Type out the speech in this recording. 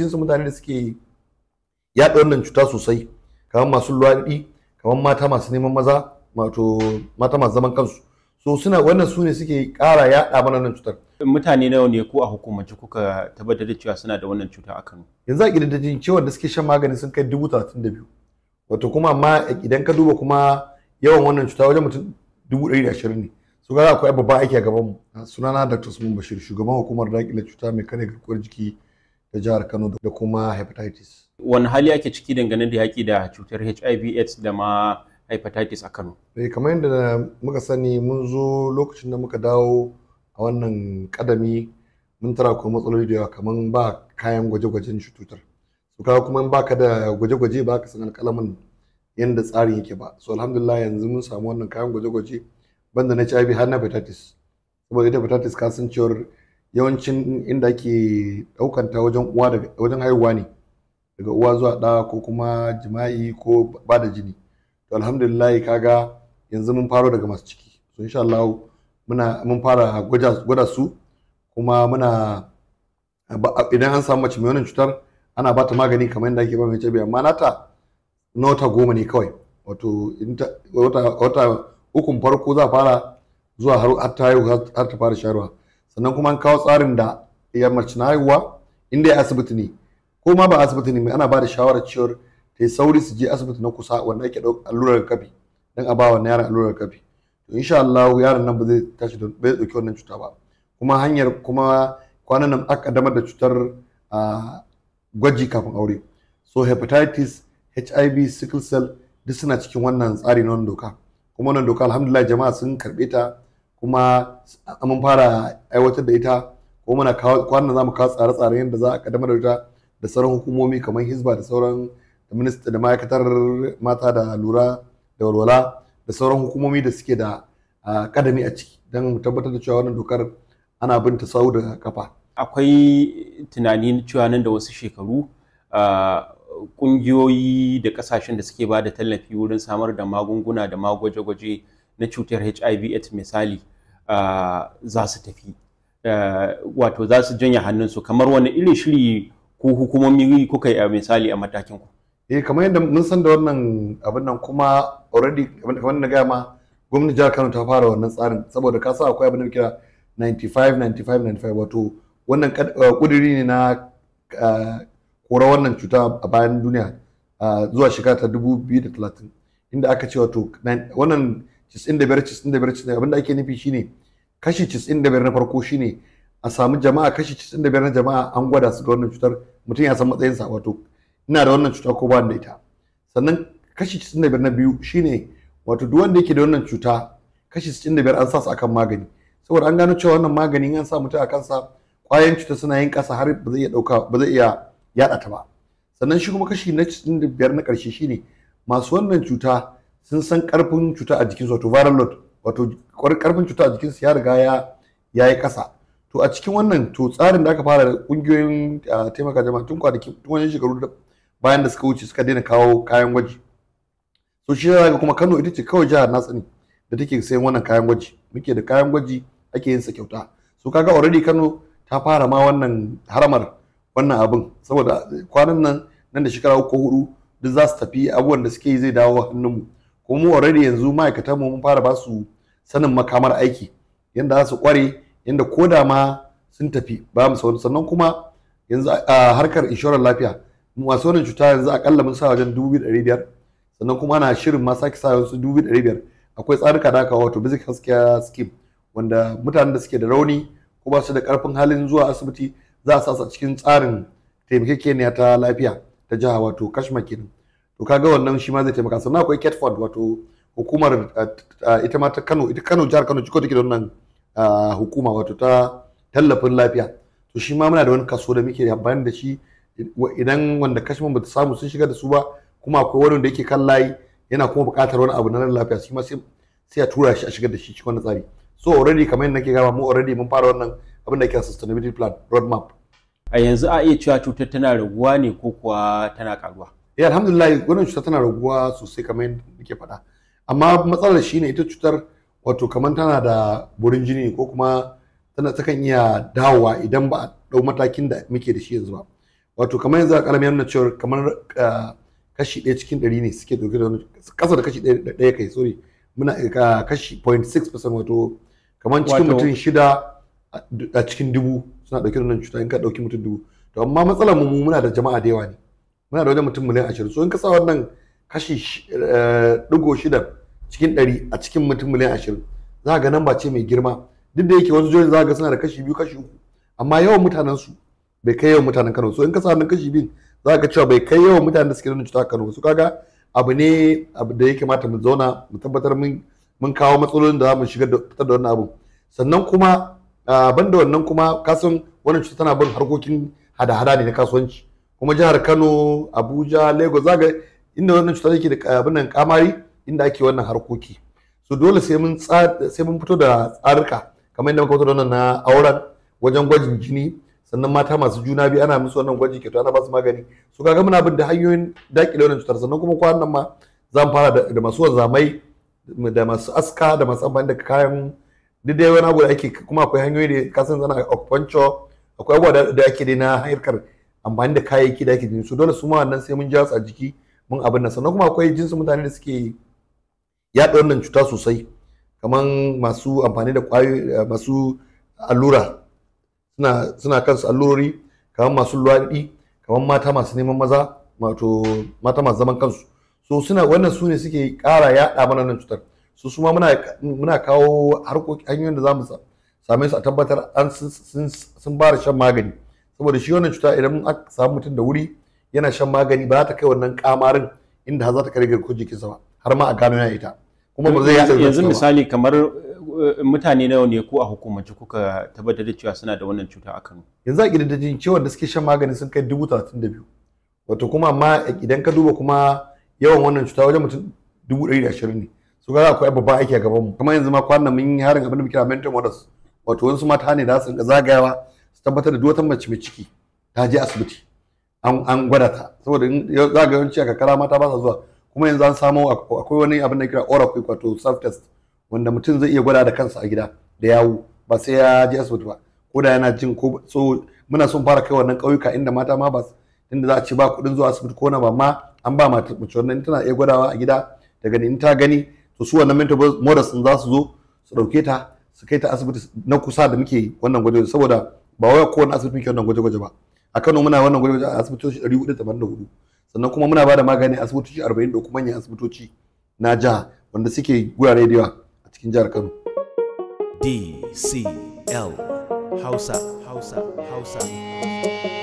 jinsin mutane da suke yaɗa wannan cuta sosai kamar masu luwaɗi kamar mata masu neman maza wato mata masu zaman kansu so suna wannan su ne suke ƙara yaɗa mana wannan cutar mutane nawa ne ko a hukumance kuka tabbatar da cewa suna da wannan cuta a Kano yanzu a gidajen cewa da suke shan magani sun kai dubu talatin da biyu wato kuma amma idan ka duba kuma yawan wannan cuta wajen mutum dubu ɗari da ashirin ne su gara akwai babban aiki a gabanmu sunana dr sumun bashir shugaban hukumar daƙile cuta mai kare garkuwar jiki ta jihar Kano da kuma hepatitis. Wani hali ake ciki dangane da yaƙi da cutar HIV AIDS da ma hepatitis a Kano? Eh kamar yadda muka sani mun zo lokacin da muka dawo a wannan kadami mun tara kuma matsaloli da yawa kamar ba kayan gwaje-gwajen cutar. So kuma ba ka da gwaje-gwaje ba ka san alƙalamin yadda tsarin yake ba. So alhamdulillah yanzu mun samu wannan kayan gwaje-gwaje banda na HIV har na hepatitis. Saboda ita hepatitis kasancewar yawancin inda ake ɗaukanta wajen uwa daga wajen haihuwa ne daga uwa zuwa d'a ko kuma jima'i ko ba da jini to alhamdulillah kaga yanzu mun faro daga masu ciki so insha Allah muna mun fara gwada su kuma muna idan an samu mace mai wannan cutar ana bata magani kamar yadda ake ba mai cebe amma nata nota goma ne kawai wato wata ukun farko za fara zuwa har ta haihu har ta fara sharuwa sannan kuma an kawo tsarin da ya mace na haihuwa inda ya asibiti ne ko ma ba asibiti ne mai ana ba da shawarar cewar ta yi sauri su je asibiti na kusa wanda ake ɗauka allurar kafi don a ba wannan yaron allurar kafi to insha Allah yaron nan ba zai tashi da bai dauki wannan cuta ba kuma hanyar kuma kwanan nan aka damar da cutar gwaji kafin aure so hepatitis HIV sickle cell duk suna cikin wannan tsari na wannan doka kuma wannan doka alhamdulillah jama'a sun karbe ta kuma mun fara aiwatar da ita ko muna kwanan za mu kawo tsare tsare yadda za a kaddamar da ita da sauran hukumomi kamar hizba da sauran minista da ma'aikatar mata da lura da walwala da sauran hukumomi da suke da kadami a ciki don tabbatar da cewa wannan dokar ana bin ta sau da kafa akwai tunani cewa nan da wasu shekaru kungiyoyi da kasashen da suke ba da tallafi wurin samar da magunguna da magwaje-gwaje na cutar hiv misali za su tafi wato za su janye hannunsu kamar wani irin shiri ko hukumomi kuka yi a misali a matakin ku eh kamar yadda mun san da wannan abin nan kuma already kamar na gaya ma gwamnatin jihar Kano ta fara wannan tsarin saboda ka sa akwai abin da kira 95 95 95 wato wannan eh, kuduri ne na eh, kora wannan cuta a bayan duniya eh, zuwa shekara ta 2030 inda aka ce wato wannan da da biyar biyar 95 95 abinda ake nufi shine kashi da biyar na farko shine a samu jama'a kashi da biyar na jama'a an gwada su ga wannan cutar mutum ya san matsayinsa wato ina da wannan cuta ko ba da ita sannan kashi da biyar na biyu shine wato duk wanda yake da wannan cuta kashi da biyar an sa su akan magani saboda an gano cewa wannan magani an sa mutum a kansa kwayan cuta suna yin ƙasa har ba zai iya dauka ba zai iya yada ta ba sannan shi kuma kashi na da biyar na ƙarshe shine masu wannan cuta sun san karfin cuta a jikinsu wato viral load wato karfin cuta a jikinsu ya riga ya yi ƙasa to a cikin wannan to tsarin da aka fara da kungiyoyin taimaka jama'a tun kwanaki tun wani shekaru bayan da suka wuce suka daina kawo kayan gwaji to shi ga kuma Kano ita ce kawai jihar na ne da take sayan wannan kayan gwaji muke da kayan gwaji ake yin sa kyauta so kaga already Kano ta fara ma wannan haramar wannan abin saboda kwanan nan nan da shekara uku hudu duk za su tafi abubuwan da suke yi zai dawo hannunmu Kuma mu already yanzu ma'aikatan mu mun fara ba su sanin makamar aiki yanda za su kware yanda ko da ma sun tafi ba mu sauri sannan kuma yanzu a harkar inshorar lafiya masu wannan cuta yanzu akalla mun sa wajen dubu ɗari biyar sannan kuma ana shirin ma sake sa wasu dubu ɗari biyar akwai tsarika da aka wato basic health care scheme wanda mutanen da suke da rauni ko ba su da karfin halin zuwa asibiti za a sa cikin tsarin taimakekeniya ta lafiya ta jiha wato kashmir kenan to kaga wannan shi ma zai taimaka sannan akwai ketford wato hukumar ita ma ta kano ita kano jihar kano ciko take da wannan hukuma wato ta tallafin lafiya to shi ma muna da wani kaso da muke amfani da shi idan wanda kashin ba ta samu sun shiga da su ba kuma akwai wani da yake kan layi yana kuma buƙatar wani abu na nan lafiya shi ma sai a tura shi a shigar da shi cikin wannan tsari so already kamar yadda nake gaba mu already mun fara wannan abin da ke sustainability plan roadmap a yanzu a iya cewa cutar tana raguwa ne ko kuwa tana karuwa eh alhamdulillah wannan cuta tana raguwa sosai kamar yadda nake faɗa amma matsalar shi ne, ita cutar wato kamar tana da burin jini ko kuma tana takan iya dawowa idan ba a ɗau matakin da muke da shi yanzu ba wato kamar yanzu a ƙaramin nuna cewa kamar eh, kashi ɗaya cikin ɗari ne suke ɗauke da kasa ƙasa da kashi ɗaya kai sorry muna eh, kashi 0.6% wato kamar cikin mutum shida a cikin dubu suna ɗauke da wannan cuta in ka ɗauki mutum dubu to amma matsalar mu muna da jama'a da yawa ne muna da wajen mutum miliyan ashirin so in ka sa wannan kashi eh, ɗigo shida cikin ɗari a cikin mutum miliyan ashirin za ga nan ba ce mai girma duk da yake wasu jihohin za ga suna da kashi biyu kashi uku amma yawan mutanen su bai kai yawan mutanen Kano so in ka sa wannan kashi biyu za ga cewa bai kai yawan mutanen da suke nan cuta a Kano su kaga abu ne abu da ya mata mu zauna mu tabbatar mun mun kawo matsalolin da za mu shiga da fitar da wannan abu sannan kuma ah, ban da wannan kuma kasan wannan cuta tana bin harkokin hada-hada ne na kasuwanci kuma jihar Kano Abuja Lagos zaga inda wannan cuta yake da abin nan kamari inda ake wannan harkoki so dole sai mun sai mun fito da tsarika kamar inda muka fito da wannan na auren wajen gwajin jini sannan mata masu juna biyu ana musu wannan gwaji kyauta ana basu magani so kaga muna bin da hanyoyin dakile wannan cutar sannan kuma kwanan nan ma zan fara da masu wanzamai da masu aska da masu amfani da kayan duk dai wani abu da ake kuma akwai hanyoyi da kasan zana acupuncture akwai abubuwa da ake dai na harkar amfani da kayayyaki da ake su dole su ma wannan sai mun ja su a jiki mun abin nan sannan kuma akwai jinsin mutane da suke yaɗa wannan cuta sosai kamar masu amfani da kwayo eh, masu allura suna suna kansu allurori kamar masu luwaɗi kamar mata masu neman maza wato mata masu zaman kansu so suna wannan su ne suke ƙara yaɗa mana nan cutar su suma muna muna kawo harkokin hanyoyin da za mu same su a tabbatar an sun ba shan magani saboda shi wannan cuta idan aka samu mutum da wuri yana shan magani ba za ta kai wannan kamarin inda za ta kare garkuwar jikinsa ba har ma a gano yana ita kuma ba zai yanzu misali kamar eh, mutane nawa ne ko a hukumance kuka tabbatar da cewa suna da wannan cuta a Kano yanzu a gidajen ciwon da suke shan magani sun kai dubu talatin da biyu wato kuma ma idan ka duba kuma yawan wannan cuta wajen mutum dubu ɗari da ashirin ne su ga akwai babban aiki a gaban mu kuma yanzu ma kwanan mun yi harin abin da muke mental models wato wasu mata ne da su zagayawa tabbatar da duwatan mace mai ciki ta je asibiti an gwada ta saboda za ga yawanci a kakara mata ba sa zuwa kuma yanzu an samo akwai wani abin da kira oracle wato self test wanda mutum zai iya gwada da kansa a gida da yawu. ba sai ya je asibiti ba ko da yana jin ko so muna son fara kai wannan ƙauyuka inda mata ma ba inda za a ci ba kuɗin zuwa asibiti ko na ba ma an ba mata mace wannan tana iya gwadawa a gida da gani in ta gani to su wannan mental models za su zo su ɗauke ta su kai ta asibiti na kusa da muke wannan gwajin saboda ba wai kowane asibiti ke wannan gwaje-gwaje ba a Kano muna wannan gwaje-gwaje a asibitoci 484 sannan kuma muna bada magani a asibitoci 40 da kuma manyan asibitoci na jiha wanda suke gurare da yawa a cikin jihar Kano DCL Hausa Hausa Hausa